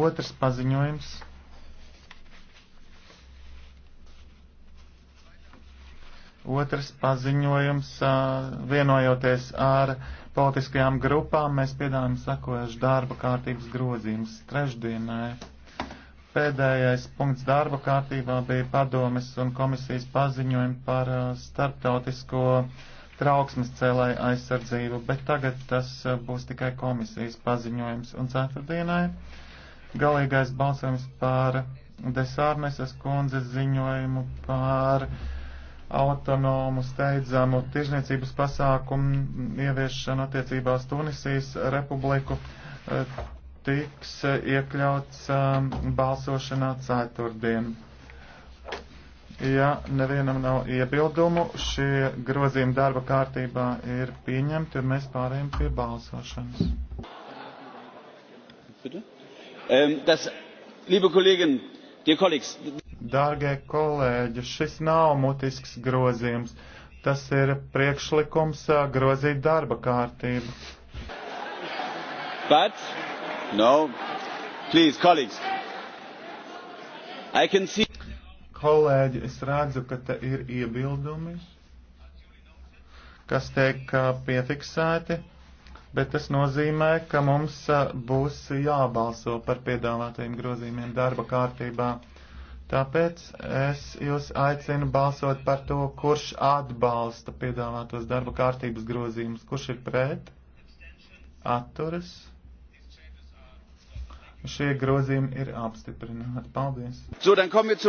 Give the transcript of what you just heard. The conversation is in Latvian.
Otrs paziņojums. Otrs paziņojums, vienojoties ar politiskajām grupām, mēs piedāvājam sakojuši darba kārtības grozījumus trešdienai. Pēdējais punkts darba kārtībā bija padomes un komisijas paziņojumi par starptautisko trauksmes cēlēju aizsardzību, bet tagad tas būs tikai komisijas paziņojums un ceturtdienai galīgais balsojums par Desārneses kundzes ziņojumu par autonomu steidzamu tirzniecības pasākumu ieviešanu attiecībās Tunisijas republiku e, tiks e, iekļauts e, balsošanā ceturtdien. Ja nevienam nav iebildumu, šie grozījumi darba kārtībā ir pieņemti un mēs pārējām pie balsošanas. Bitte? Ähm, das, liebe Kolleginnen, dear colleagues. Dārgie kolēģi, šis nav mutisks grozījums. Tas ir priekšlikums grozīt darba kārtību. But, no, please, colleagues. I can see. Kolēģi, es redzu, ka te ir iebildumi, kas tiek piefiksēti bet tas nozīmē, ka mums būs jābalso par piedāvātajiem grozījumiem darba kārtībā. Tāpēc es jūs aicinu balsot par to, kurš atbalsta piedāvātos darba kārtības grozījumus, kurš ir pret, atturas. Šie grozījumi ir apstiprināti. Paldies!